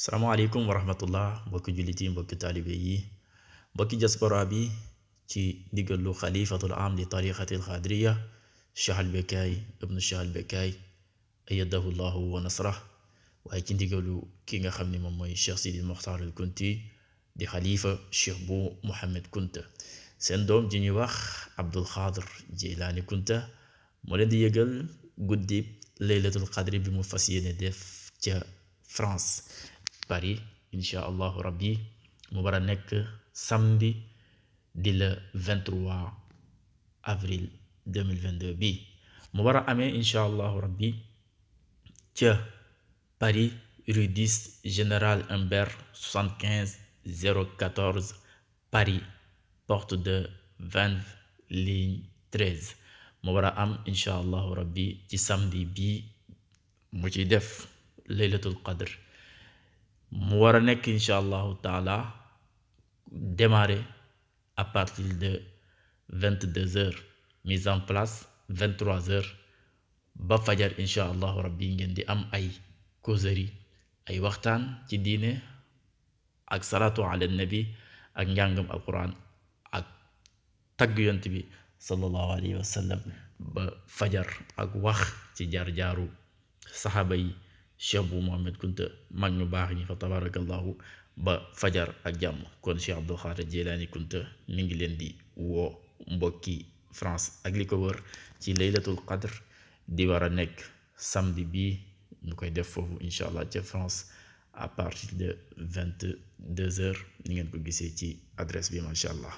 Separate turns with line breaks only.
السلام عليكم ورحمة الله بوك جلتي بوك طالبي بوك جسبرا بي تي ديغلو خليفة العام لطريقة الخادرية شاه البكاي ابن شاه البكاي أيده الله ونصره ولكن ديغلو كيغا خمني مموي شيخ سيدي المختار الكنتي دي خليفة شيخ بو محمد كنت سندوم جيني عبد الخاضر جيلاني كنت مولد يغل قديب ليلة القدر بمفاسية ديف فرانس Paris incha allahu rabbi mu war a nekk samedi di le 23 avril 2022 bi mu war a amee incha allahu rabbi ca Paris rue 10 général Humbert 75 014 Paris porte de Vanves ligne 13 mu war a am incha allahu rabbi ci samedi bi mu ci def laylatul qadr war a nekk incha allahu taala démarrer à partir de vingt deux heures mise en place vingt trois heures ba fajar incha allahu rabbi ngeen di am ay causerie ay waxtaan ci diine ak salaatu ala nabi ak njàngam alquran ak tagg yont bi sallallahu alayhi wa sallam ba fajar ak wax ci jaar-jaaru saxaaba yi cheikh bu Mohamed Kunta mag ñu baax ñi fa tabarakallahu ba fajar ak jàmm kon cheikh Abdul Xaadir Jilaani Kunta mi ngi leen di woo mbokki France ak li ko wër ci laylatul qadr di war a nekk samedi bi nu koy def foofu incha allah ca France à partir de vingt deux heures ni ngeen ko gisee ci adresse bi macha allah